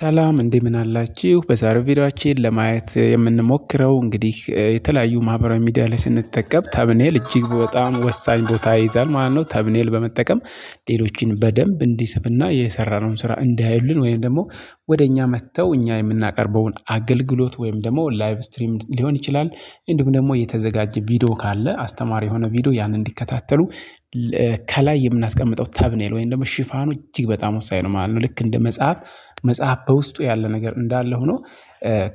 ሰላም እንደምን አላችሁ። በዛሬው ቪዲዮአችን ለማየት የምንሞክረው እንግዲህ የተለያዩ ማህበራዊ ሚዲያ ላይ ስንጠቀም ተምኔል እጅግ በጣም ወሳኝ ቦታ ይይዛል ማለት ነው። ተምኔል በመጠቀም ሌሎችን በደንብ እንዲስብና የሰራነውን ስራ እንዲያዩልን ወይም ደግሞ ወደ እኛ መጥተው እኛ የምናቀርበውን አገልግሎት ወይም ደግሞ ላይቭ ስትሪም ሊሆን ይችላል። እንዲሁም ደግሞ የተዘጋጀ ቪዲዮ ካለ አስተማሪ የሆነ ቪዲዮ ያን እንዲከታተሉ ከላይ የምናስቀምጠው ተምኔል ወይም ደግሞ ሽፋኑ እጅግ በጣም ወሳኝ ነው ማለት ነው። ልክ እንደ መጽሐፍ መጽሐፍ በውስጡ ያለ ነገር እንዳለ ሆኖ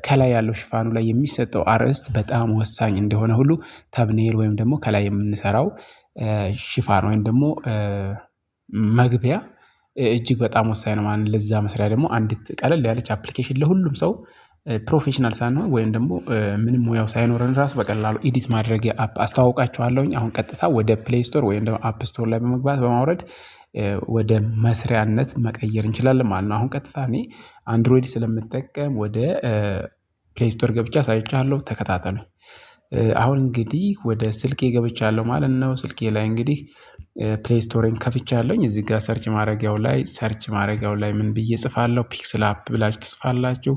ከላይ ያለው ሽፋኑ ላይ የሚሰጠው አርዕስት በጣም ወሳኝ እንደሆነ ሁሉ ተብኔል ወይም ደግሞ ከላይ የምንሰራው ሽፋን ወይም ደግሞ መግቢያ እጅግ በጣም ወሳኝ ነው ማለት ለዛ መስሪያ ደግሞ አንዲት ቀለል ያለች አፕሊኬሽን ለሁሉም ሰው ፕሮፌሽናል ሳንሆን ወይም ደግሞ ምንም ሙያው ሳይኖረን ራሱ በቀላሉ ኤዲት ማድረጊያ አፕ አስተዋውቃችኋለሁኝ። አሁን ቀጥታ ወደ ፕሌይ ስቶር ወይም ደግሞ አፕ ስቶር ላይ በመግባት በማውረድ ወደ መስሪያነት መቀየር እንችላለን ማለት ነው። አሁን ቀጥታ እኔ አንድሮይድ ስለምጠቀም ወደ ፕሌስቶር ገብቻ ገብቼ አሳይቻለሁ አሁን እንግዲህ ወደ ስልኬ ገብቻለሁ ማለት ነው። ስልኬ ላይ እንግዲህ ፕሌይ ስቶሬን ከፍቻለሁኝ እዚህ ጋር ሰርች ማድረጊያው ላይ ሰርች ማድረጊያው ላይ ምን ብዬ ጽፋለሁ? ፒክስል አፕ ብላችሁ ትጽፋላችሁ።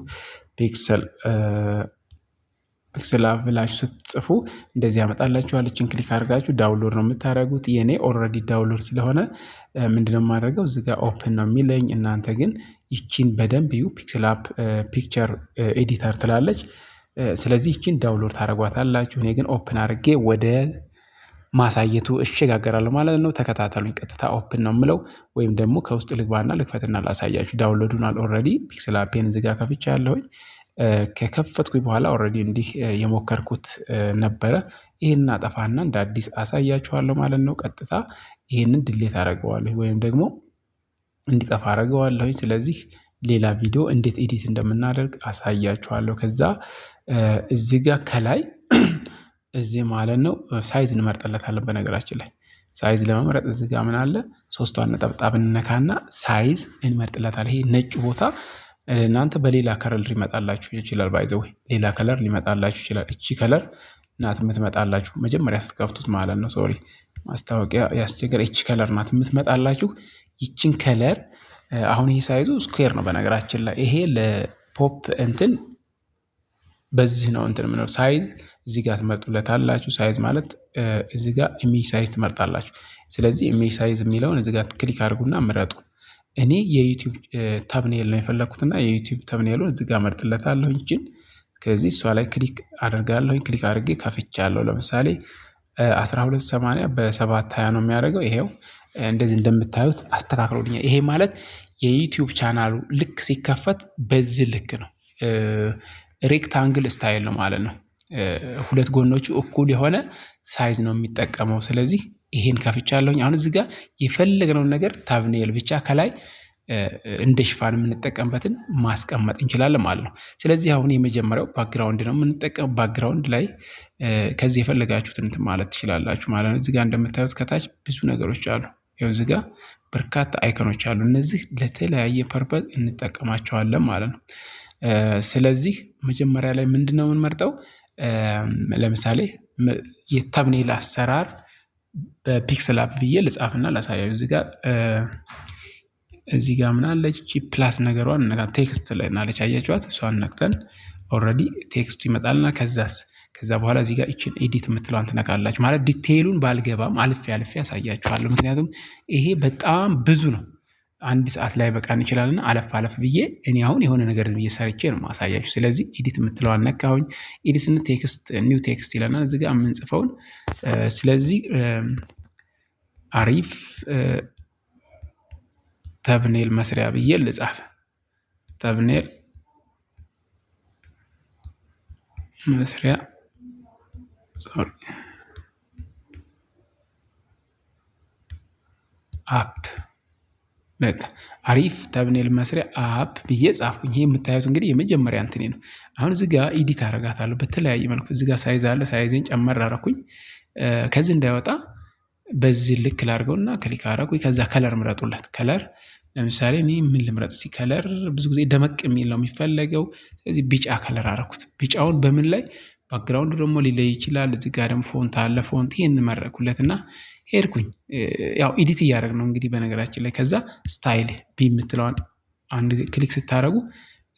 ፒክስል ፒክስል አፕ ብላችሁ ስትጽፉ እንደዚህ ያመጣላችኋል። እችን ክሊክ አድርጋችሁ ዳውንሎድ ነው የምታደርጉት። የኔ ኦልሬዲ ዳውንሎድ ስለሆነ ምንድነው የማደርገው እዚህ ጋር ኦፕን ነው የሚለኝ። እናንተ ግን ይቺን በደንብ ዩ ፒክስል አፕ ፒክቸር ኤዲተር ትላለች። ስለዚህ ይቺን ዳውንሎድ ታደርጓታላችሁ። እኔ ግን ኦፕን አድርጌ ወደ ማሳየቱ እሸጋገራለሁ ማለት ነው። ተከታተሉኝ። ቀጥታ ኦፕን ነው የምለው ወይም ደግሞ ከውስጥ ልግባና ልክፈትና ላሳያችሁ። ዳውንሎዱን ኦልሬዲ ፒክስል አፔን ዝጋ ከፍቻ ያለሁኝ ከከፈትኩኝ በኋላ ኦልሬዲ እንዲህ የሞከርኩት ነበረ። ይህን አጠፋና እንደ አዲስ አሳያችኋለሁ ማለት ነው። ቀጥታ ይህንን ድሌት አደርገዋለሁ ወይም ደግሞ እንዲጠፋ አደርገዋለሁ። ስለዚህ ሌላ ቪዲዮ እንዴት ኤዲት እንደምናደርግ አሳያችኋለሁ። ከዛ እዚህ ጋር ከላይ እዚህ ማለት ነው ሳይዝ እንመርጥለታለን። በነገራችን ላይ ሳይዝ ለመምረጥ እዚህ ጋር ምን አለ ሶስቷን ነጠብጣብ እንነካና ሳይዝ እንመርጥለታለን። ይሄ ነጭ ቦታ እናንተ በሌላ ከለር ሊመጣላችሁ ይችላል። ባይዘው ሌላ ከለር ሊመጣላችሁ ይችላል። እቺ ከለር ናት የምትመጣላችሁ መጀመሪያ ስትከፍቱት ማለት ነው። ሶሪ ማስታወቂያ ያስቸገረ። እቺ ከለር ናት የምትመጣላችሁ። ይችን ከለር አሁን ይሄ ሳይዙ ስኩዌር ነው በነገራችን ላይ ይሄ ለፖፕ እንትን በዚህ ነው እንትን ምነው ሳይዝ እዚህ ጋር ትመርጡለታላችሁ። ሳይዝ ማለት እዚህ ጋር ኢሜጅ ሳይዝ ትመርጣላችሁ። ስለዚህ ኢሜጅ ሳይዝ የሚለውን እዚህ ጋር ክሊክ አድርጉና ምረጡ። እኔ የዩቲዩብ ተምኔል ነው የፈለግኩትና የዩቲዩብ ተምኔሉ እዚህ ጋር መርጥለታለሁ እንጂን ከዚህ እሷ ላይ ክሊክ አድርጋለሁኝ። ክሊክ አድርጌ ከፍቻለሁ። ለምሳሌ 1280 በ720 ነው የሚያደርገው። ይሄው እንደዚህ እንደምታዩት አስተካክሎልኛል። ይሄ ማለት የዩቲዩብ ቻናሉ ልክ ሲከፈት በዚህ ልክ ነው። ሬክታንግል ስታይል ነው ማለት ነው። ሁለት ጎኖቹ እኩል የሆነ ሳይዝ ነው የሚጠቀመው። ስለዚህ ይሄን ከፍቻለሁኝ። አሁን እዚህ ጋር የፈለግነውን ነገር ታብኔል ብቻ ከላይ እንደ ሽፋን የምንጠቀምበትን ማስቀመጥ እንችላለን ማለት ነው። ስለዚህ አሁን የመጀመሪያው ባክግራውንድ ነው የምንጠቀመው ባክግራውንድ ላይ ከዚህ የፈለጋችሁትን እንትን ማለት ትችላላችሁ ማለት ነው። እዚህ ጋር እንደምታዩት ከታች ብዙ ነገሮች አሉ። ያው እዚህ ጋር በርካታ አይከኖች አሉ። እነዚህ ለተለያየ ፐርፐዝ እንጠቀማቸዋለን ማለት ነው። ስለዚህ መጀመሪያ ላይ ምንድን ነው የምንመርጠው? ለምሳሌ የታብኔል አሰራር በፒክስል አፕ ብዬ ልጻፍና ላሳያዩ እዚህ ጋር እዚህ ጋር ምናለች ፕላስ ነገሯን ነካ ቴክስት ናለች። አያቸዋት እሷን ነቅተን ኦልሬዲ ቴክስቱ ይመጣልና ከዛስ ከዛ በኋላ እዚህ ጋር ይችን ኤዲት የምትለዋን ትነካላችሁ። ማለት ዲቴይሉን ባልገባም አልፌ አልፌ ያሳያችኋለሁ። ምክንያቱም ይሄ በጣም ብዙ ነው። አንድ ሰዓት ላይ በቃን እንችላለን። አለፍ አለፍ ብዬ እኔ አሁን የሆነ ነገር ብዬ ነው ማሳያችሁ። ስለዚህ ኤዲት የምትለው አነካሁኝ። ኤዲት ስን ቴክስት ኒው ቴክስት ይለናል እዚህ ጋር የምንጽፈውን። ስለዚህ አሪፍ ተብኔል መስሪያ ብዬ ልጻፍ። ተብኔል መስሪያ ሶሪ አፕ በቃ አሪፍ ተብኔል መስሪያ አፕ ብዬ ጻፍኩኝ። ይሄ የምታዩት እንግዲህ የመጀመሪያ እንትኔ ነው። አሁን እዚህ ጋር ኢዲት አረጋታለሁ በተለያየ መልኩ። እዚህ ጋር ሳይዝ አለ፣ ሳይዝን ጨመር አረኩኝ። ከዚህ እንዳይወጣ በዚህ ልክ ላድርገውና ክሊክ አረኩኝ። ከዛ ከለር ምረጡለት ከለር ለምሳሌ እኔ ምን ልምረጥ? ሲ ከለር ብዙ ጊዜ ደመቅ የሚል ነው የሚፈለገው። ስለዚህ ቢጫ ከለር አረኩት። ቢጫውን በምን ላይ ባክግራውንድ ደግሞ ሊለይ ይችላል። እዚህ ጋር ደግሞ ፎንት አለ። ፎንት ይህን መረኩለትና ሄድኩኝ። ያው ኢዲት እያደረግ ነው እንግዲህ በነገራችን ላይ ከዛ ስታይል ቢ የምትለዋን አንድ ክሊክ ስታደረጉ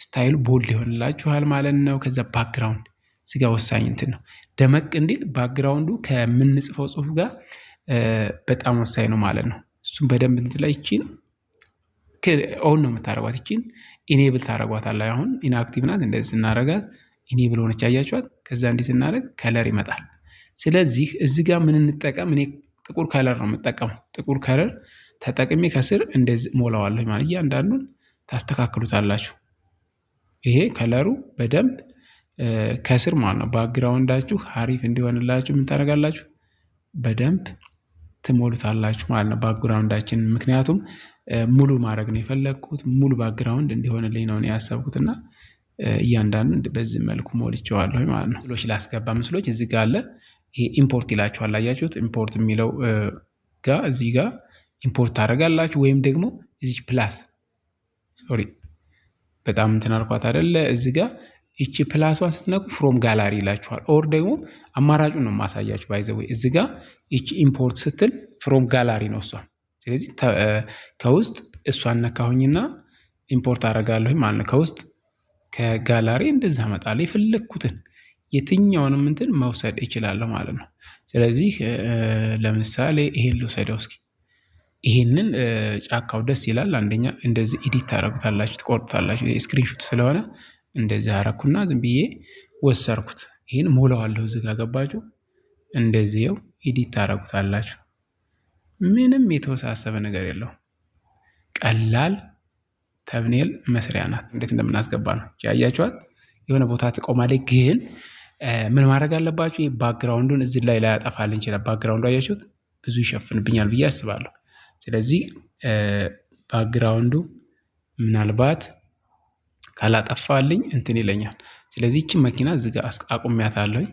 ስታይሉ ቦልድ ይሆንላችኋል ማለት ነው። ከዛ ባክግራውንድ ስጋ ወሳኝ እንትን ነው ደመቅ እንዲል ባክግራውንዱ ከምንጽፈው ጽሁፍ ጋር በጣም ወሳኝ ነው ማለት ነው። እሱም በደንብ እንትን ላይ ይቺን ኦን ነው የምታደረጓት። ይቺን ኢኔብል ታደረጓታለ። አሁን ኢንአክቲቭ ናት። እንደዚህ ስናደረጋት ኢኔብል ሆነች። አያችኋት? ከዛ እንዲህ ስናደረግ ከለር ይመጣል። ስለዚህ እዚህ ጋር ምን እንጠቀም እኔ ጥቁር ከለር ነው የምጠቀመው። ጥቁር ከለር ተጠቅሜ ከስር እንደዚህ ሞላዋለሁ ማለት እያንዳንዱን ታስተካክሉታላችሁ። ይሄ ከለሩ በደንብ ከስር ማለት ነው ባክግራውንዳችሁ አሪፍ እንዲሆንላችሁ ምን ታደርጋላችሁ? በደንብ ትሞሉታላችሁ ማለት ነው ባክግራውንዳችን። ምክንያቱም ሙሉ ማድረግ ነው የፈለግኩት ሙሉ ባክግራውንድ እንዲሆንልኝ ነው ያሰብኩትና እያንዳንዱ በዚህ መልኩ ሞልቼዋለሁ ማለት ነው። ምስሎች ላስገባ ምስሎች እዚህ ጋር አለ። ይሄ ኢምፖርት ይላችኋል። አያችሁት? ኢምፖርት የሚለው ጋ እዚህ ጋ ኢምፖርት ታደርጋላችሁ ወይም ደግሞ እዚች ፕላስ ሶሪ በጣም እንትን አልኳት አይደለ? እዚህ ጋ እቺ ፕላሷን ስትነቁ ፍሮም ጋላሪ ይላችኋል። ኦር ደግሞ አማራጩን ነው ማሳያችሁ። ባይዘ ወይ እዚህ ጋ እቺ ኢምፖርት ስትል ፍሮም ጋላሪ ነው እሷ። ስለዚህ ከውስጥ እሷን ነካሁኝና ኢምፖርት አደርጋለሁ ማለት ነው። ከውስጥ ከጋላሪ እንደዚህ አመጣለሁ የፈለግኩትን የትኛውንም እንትን መውሰድ እችላለሁ ማለት ነው። ስለዚህ ለምሳሌ ይሄን ልውሰደው እስኪ። ይሄንን ጫካው ደስ ይላል። አንደኛ እንደዚህ ኤዲት ታደርጉታላችሁ፣ ትቆርጡታላችሁ። ስክሪንሹት ስለሆነ እንደዚህ አረኩና ዝም ብዬ ወሰርኩት። ይህን ሞላዋለሁ እዚህ ጋር ገባችሁ። እንደዚህው ኤዲት ታደርጉታላችሁ። ምንም የተወሳሰበ ነገር የለውም። ቀላል ተብኔል መስሪያ ናት። እንዴት እንደምናስገባ ነው ያያችኋት። የሆነ ቦታ ትቆማለች ግን ምን ማድረግ አለባችሁ? ይህ ባክግራውንዱን እዚህ ላይ ላያጠፋልን እንችላል። ባክግራውንዱ አያችሁት ብዙ ይሸፍንብኛል ብዬ አስባለሁ። ስለዚህ ባክግራውንዱ ምናልባት ካላጠፋልኝ እንትን ይለኛል። ስለዚህ ይችን መኪና እዚህ ጋር አቁሚያታለሁኝ።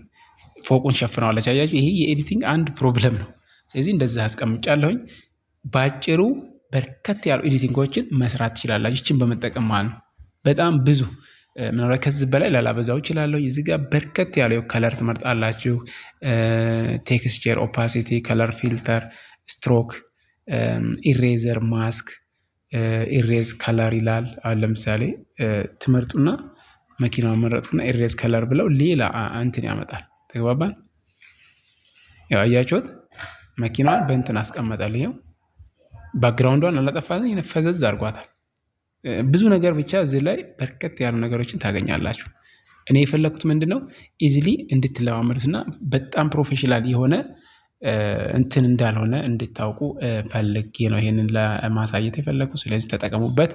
ፎቁን ሸፍነዋለች። አያችሁ ይሄ የኤዲቲንግ አንድ ፕሮብለም ነው። ስለዚህ እንደዚህ አስቀምጫለሁኝ። በአጭሩ በርከት ያሉ ኤዲቲንጎችን መስራት ትችላላችሁ፣ ይችን በመጠቀም ማለት ነው። በጣም ብዙ ምናልባት ከዚህ በላይ ላላበዛው ይችላለሁ። እዚህ ጋር በርከት ያለው ከለር ትመርጣላችሁ። ቴክስቸር፣ ኦፓሲቲ፣ ከለር ፊልተር፣ ስትሮክ፣ ኢሬዘር፣ ማስክ፣ ኢሬዝ ከለር ይላል። አሁን ለምሳሌ ትመርጡና መኪና መረጥኩና ኢሬዝ ከለር ብለው ሌላ እንትን ያመጣል። ተግባባን? ያው አያችሁት መኪናዋን በእንትን አስቀመጠል። ይኸው ባክግራውንዷን አላጠፋትን፣ ፈዘዝ አድርጓታል። ብዙ ነገር ብቻ እዚህ ላይ በርከት ያሉ ነገሮችን ታገኛላችሁ። እኔ የፈለኩት ምንድን ነው ኢዚሊ እንድትለማመዱትና በጣም ፕሮፌሽናል የሆነ እንትን እንዳልሆነ እንድታውቁ ፈልጌ ነው ይሄንን ለማሳየት የፈለኩ። ስለዚህ ተጠቀሙበት።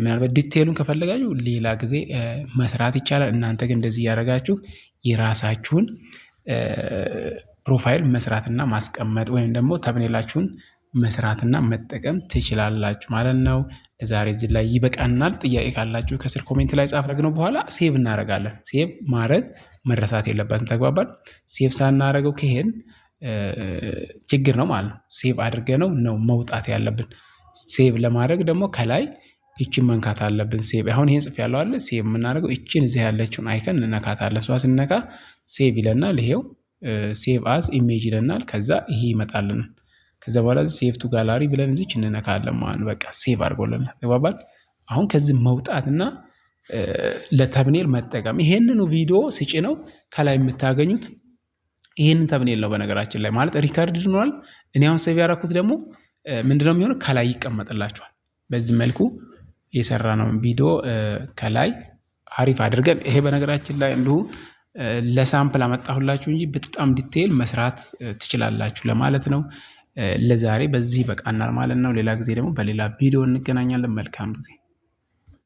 ምናልባት ዲቴሉን ከፈለጋችሁ ሌላ ጊዜ መስራት ይቻላል። እናንተ ግን እንደዚህ እያደረጋችሁ የራሳችሁን ፕሮፋይል መስራትና ማስቀመጥ ወይም ደግሞ ተብኔላችሁን መስራትና መጠቀም ትችላላችሁ ማለት ነው። ለዛሬ እዚህ ላይ ይበቃናል። ጥያቄ ካላችሁ ከስር ኮሜንት ላይ ጻፍ ረግነው በኋላ ሴቭ እናደርጋለን። ሴቭ ማድረግ መረሳት የለበትም። ተግባባል። ሴቭ ሳናደርገው ከሄን ችግር ነው ማለት ነው። ሴቭ አድርገ ነው ነው መውጣት ያለብን። ሴቭ ለማድረግ ደግሞ ከላይ ይችን መንካት አለብን። ሴቭ አሁን ይሄን ጽፍ ያለው አለ ሴቭ የምናደርገው ይችን እዚህ ያለችውን አይከን እንነካታለን። እሷ ስነካ ሴቭ ይለናል። ይሄው ሴቭ አዝ ኢሜጅ ይለናል። ከዛ ይሄ ይመጣልን። ከዛ በኋላ ሴቭ ቱ ጋላሪ ብለን እዚች እንነካለን ማለት በቃ ሴቭ አድርጎልን ተባባል። አሁን ከዚህ መውጣትና ለተብኔል መጠቀም ይሄንኑ ቪዲዮ ስጭ ነው ከላይ የምታገኙት ይሄንን ተብኔል ነው። በነገራችን ላይ ማለት ሪከርድ ድኗል። እኔ አሁን ሴቭ ያደረኩት ደግሞ ምንድነው የሚሆነው ከላይ ይቀመጥላችኋል። በዚህ መልኩ ነው ቪዲዮ ከላይ አሪፍ አድርገን ይሄ በነገራችን ላይ እንዲሁ ለሳምፕል አመጣሁላችሁ እንጂ በጣም ዲቴይል መስራት ትችላላችሁ ለማለት ነው። ለዛሬ በዚህ ይበቃናል ማለት ነው። ሌላ ጊዜ ደግሞ በሌላ ቪዲዮ እንገናኛለን። መልካም ጊዜ